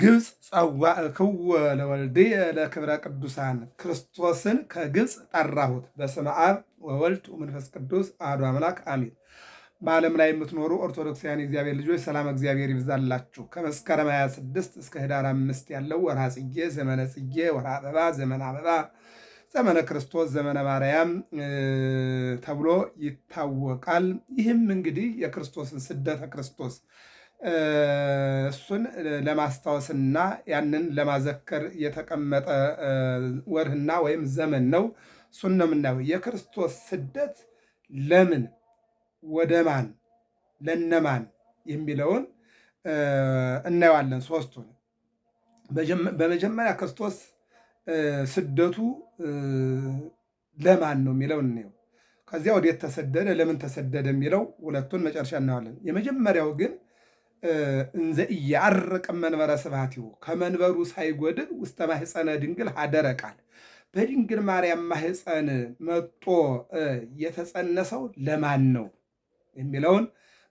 ግብፅ ጸዋዕክዎ ለወልድየ ለክብረ ቅዱሳን ክርስቶስን ከግብፅ ጠራሁት። በስመ አብ ወወልድ ወመንፈስ ቅዱስ አሐዱ አምላክ አሜን። በዓለም ላይ የምትኖሩ ኦርቶዶክሳውያን እግዚአብሔር ልጆች ሰላም እግዚአብሔር ይብዛላችሁ። ከመስከረም 26 እስከ ህዳር አምስት ያለው ወርሃ ጽጌ፣ ዘመነ ጽጌ፣ ወርሃ አበባ፣ ዘመነ አበባ፣ ዘመነ ክርስቶስ፣ ዘመነ ማርያም ተብሎ ይታወቃል። ይህም እንግዲህ የክርስቶስን ስደተ ክርስቶስ እሱን ለማስታወስና ያንን ለማዘከር የተቀመጠ ወርህና ወይም ዘመን ነው። እሱን ነው የምናየው። የክርስቶስ ስደት ለምን ወደ ማን ለነማን የሚለውን እናየዋለን። ሶስቱን በመጀመሪያ ክርስቶስ ስደቱ ለማን ነው የሚለው እንየው። ከዚያ ወዴት ተሰደደ፣ ለምን ተሰደደ የሚለው ሁለቱን መጨረሻ እናየዋለን። የመጀመሪያው ግን እንዘ እያረቀ መንበረ ስብሐቲሁ ከመንበሩ ሳይጎድል ውስተ ማህፀነ ድንግል ሀደረ ቃል በድንግል ማርያም ማህፀን መጦ የተጸነሰው ለማን ነው የሚለውን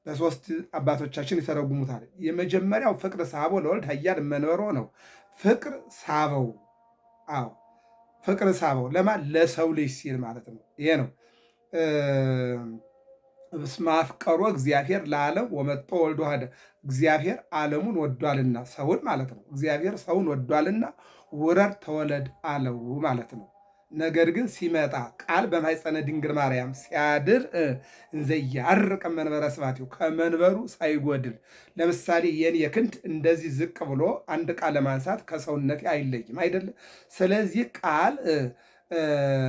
በሶስት አባቶቻችን ይተረጉሙታል። የመጀመሪያው ፍቅር ሳቦ ለወልድ ሀያል መንበሮ ነው። ፍቅር ሳበው። አዎ ፍቅር ሳበው ለማን? ለሰው ልጅ ሲል ማለት ነው። ይሄ ነው እስመ አፍቀሮ እግዚአብሔር ለዓለም ወመጦ ወልዶ ሀደ እግዚአብሔር ዓለሙን ወዷልና ሰውን ማለት ነው። እግዚአብሔር ሰውን ወዷልና ውረድ ተወለድ አለው ማለት ነው። ነገር ግን ሲመጣ ቃል በማኅፀነ ድንግል ማርያም ሲያድር እንዘ መንበረ ስብሐቲሁ ከመንበሩ ሳይጎድል። ለምሳሌ የኔ ክንድ እንደዚህ ዝቅ ብሎ አንድ ቃል ለማንሳት ከሰውነቴ አይለይም አይደለም። ስለዚህ ቃል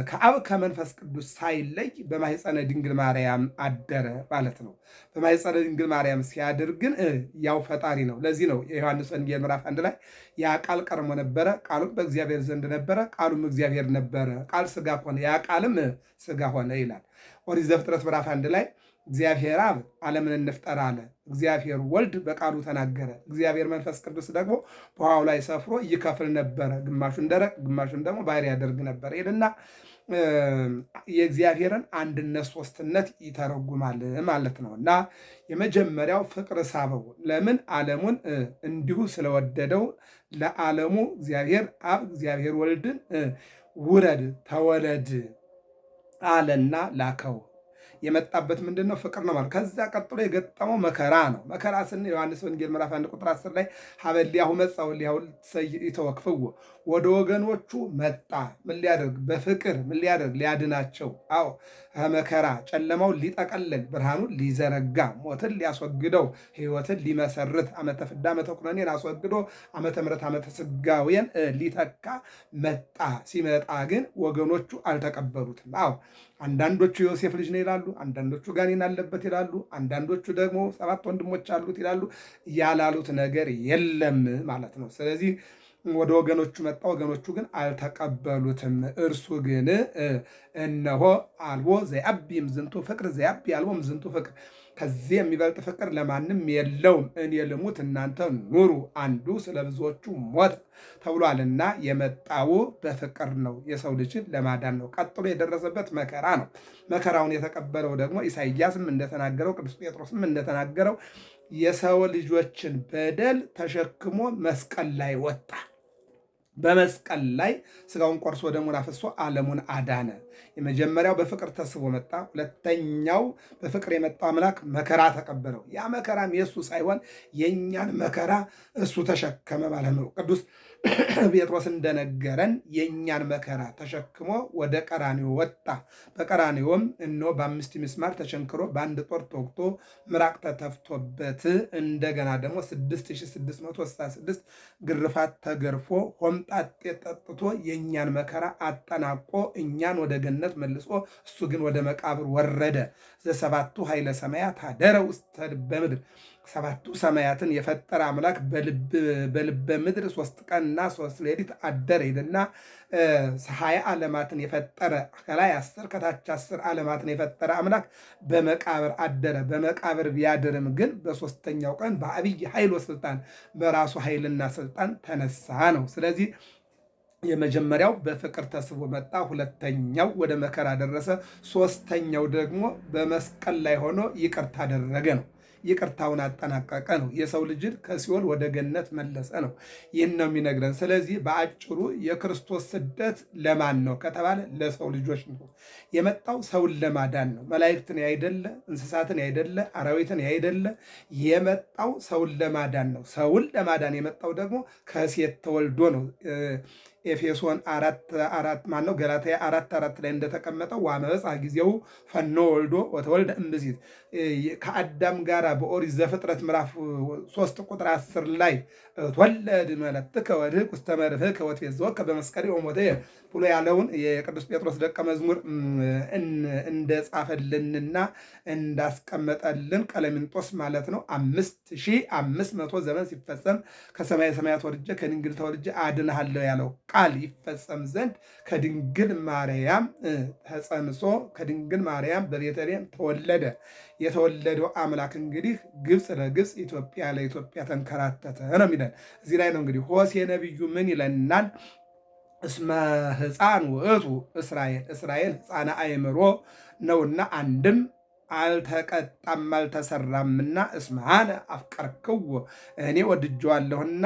ከአብ ከመንፈስ ቅዱስ ሳይለይ በማሕፀነ ድንግል ማርያም አደረ ማለት ነው። በማሕፀነ ድንግል ማርያም ሲያድር ግን ያው ፈጣሪ ነው። ለዚህ ነው የዮሐንስ ወንጌል ምዕራፍ አንድ ላይ ያ ቃል ቀርሞ ነበረ፣ ቃሉም በእግዚአብሔር ዘንድ ነበረ፣ ቃሉም እግዚአብሔር ነበረ፣ ቃል ስጋ ሆነ፣ ያ ቃልም ስጋ ሆነ ይላል። ኦሪት ዘፍጥረት ምዕራፍ አንድ ላይ እግዚአብሔር አብ ዓለምን እንፍጠር አለ። እግዚአብሔር ወልድ በቃሉ ተናገረ። እግዚአብሔር መንፈስ ቅዱስ ደግሞ በውሃው ላይ ሰፍሮ ይከፍል ነበረ፣ ግማሹን ደረቅ፣ ግማሹን ደግሞ ባህር ያደርግ ነበር ይልና የእግዚአብሔርን አንድነት ሶስትነት ይተረጉማል ማለት ነው። እና የመጀመሪያው ፍቅር ሳበው። ለምን ዓለሙን እንዲሁ ስለወደደው ለዓለሙ እግዚአብሔር አብ እግዚአብሔር ወልድን ውረድ ተወለድ አለና ላከው። የመጣበት ምንድን ነው? ፍቅር ነው ማለት። ከዛ ቀጥሎ የገጠመው መከራ ነው። መከራ ስንል ዮሐንስ ወንጌል ምዕራፍ 1 ቁጥር አስር ላይ ሀበሊያሁ መጻ ወሊያሁ ይተወክፍዎ፣ ወደ ወገኖቹ መጣ። ምን ሊያደርግ? በፍቅር ምን ሊያደርግ? ሊያድናቸው። አዎ መከራ ጨለማውን ሊጠቀልል፣ ብርሃኑን ሊዘረጋ፣ ሞትን ሊያስወግደው፣ ህይወትን ሊመሰርት፣ ዓመተ ፍዳ ዓመተ ኵነኔን አስወግዶ ዓመተ ምሕረት ዓመተ ሥጋዌን ሊተካ መጣ። ሲመጣ ግን ወገኖቹ አልተቀበሉትም። አዎ አንዳንዶቹ ዮሴፍ ልጅ ነው ይላሉ፣ አንዳንዶቹ ጋኔን አለበት ይላሉ፣ አንዳንዶቹ ደግሞ ሰባት ወንድሞች አሉት ይላሉ። ያላሉት ነገር የለም ማለት ነው። ስለዚህ ወደ ወገኖቹ መጣ፣ ወገኖቹ ግን አልተቀበሉትም። እርሱ ግን እነሆ አልቦ ዘያቢም ዝንቱ ፍቅር ዘያቢ አልቦም ዝንቱ ፍቅር ከዚህ የሚበልጥ ፍቅር ለማንም የለውም። እኔ ልሙት እናንተ ኑሩ፣ አንዱ ስለ ብዙዎቹ ሞት ተብሏልና የመጣው በፍቅር ነው፣ የሰው ልጅን ለማዳን ነው። ቀጥሎ የደረሰበት መከራ ነው። መከራውን የተቀበለው ደግሞ ኢሳይያስም እንደተናገረው ቅዱስ ጴጥሮስም እንደተናገረው የሰው ልጆችን በደል ተሸክሞ መስቀል ላይ ወጣ። በመስቀል ላይ ስጋውን ቆርሶ ደሙን አፍሶ ዓለሙን አዳነ። የመጀመሪያው በፍቅር ተስቦ መጣ። ሁለተኛው በፍቅር የመጣው አምላክ መከራ ተቀበለው። ያ መከራም የእሱ ሳይሆን የእኛን መከራ እሱ ተሸከመ ማለት ነው። ቅዱስ ጴጥሮስ እንደነገረን የእኛን መከራ ተሸክሞ ወደ ቀራኒዮ ወጣ። በቀራኒዮም እነሆ በአምስት ምስማር ተቸንክሮ በአንድ ጦር ተወቅቶ ምራቅ ተተፍቶበት እንደገና ደግሞ 6666 ግርፋት ተገርፎ ሆም ሆምጣጤ ጠጥቶ የእኛን መከራ አጠናቆ እኛን ወደ ገነት መልሶ እሱ ግን ወደ መቃብር ወረደ። ዘሰባቱ ኃይለ ሰማያት አደረ ውስተ በምድር ሰባቱ ሰማያትን የፈጠረ አምላክ በልበ ምድር ሶስት ቀንና ሶስት ሌሊት አደረ ይልና ሀያ ዓለማትን የፈጠረ ከላይ አስር ከታች አስር ዓለማትን የፈጠረ አምላክ በመቃብር አደረ። በመቃብር ቢያድርም ግን በሶስተኛው ቀን በአብይ ኃይል ወስልጣን በራሱ ኃይልና ስልጣን ተነሳ ነው። ስለዚህ የመጀመሪያው በፍቅር ተስቦ መጣ። ሁለተኛው ወደ መከራ ደረሰ። ሶስተኛው ደግሞ በመስቀል ላይ ሆኖ ይቅርታ አደረገ ነው። ይቅርታውን አጠናቀቀ ነው። የሰው ልጅን ከሲኦል ወደ ገነት መለሰ ነው። ይህን ነው የሚነግረን። ስለዚህ በአጭሩ የክርስቶስ ስደት ለማን ነው ከተባለ ለሰው ልጆች ነው። የመጣው ሰውን ለማዳን ነው። መላእክትን ያይደለ፣ እንስሳትን ያይደለ፣ አራዊትን ያይደለ፣ የመጣው ሰውን ለማዳን ነው። ሰውን ለማዳን የመጣው ደግሞ ከሴት ተወልዶ ነው። ኤፌሶን አራት አራት ማነው ገላትያ አራት አራት ላይ እንደተቀመጠው ዋመፅ ጊዜው ፈኖ ወልዶ ወተወልደ እምብእሲት ከአዳም ጋር በኦሪት ዘፍጥረት ምዕራፍ ሶስት ቁጥር አስር ላይ ወለድ መለትከ ወድኅቅ ውስተ ከወት ወትፌዝወከ በመስቀልከ ወሞትየ ብሎ ያለውን የቅዱስ ጴጥሮስ ደቀ መዝሙር እንደጻፈልንና እንዳስቀመጠልን ቀለሚንጦስ ማለት ነው አምስት ሺህ አምስት መቶ ዘመን ሲፈጸም ከሰማይ ሰማያት ወርጄ ከድንግል ተወልጄ አድንሃለሁ ያለው ቃል ይፈጸም ዘንድ ከድንግል ማርያም ተጸንሶ ከድንግል ማርያም በቤተልሔም ተወለደ። የተወለደው አምላክ እንግዲህ ግብፅ ለግብፅ ኢትዮጵያ ለኢትዮጵያ ተንከራተተ ነው የሚለን። እዚህ ላይ ነው እንግዲህ ሆሴ ነቢዩ ምን ይለናል? እስመ ሕፃን ውእቱ እስራኤል እስራኤል ሕፃነ አእምሮ ነውና አንድም አልተቀጣም አልተሰራምና፣ እስመ አነ አፍቀርክዎ እኔ ወድጀዋለሁና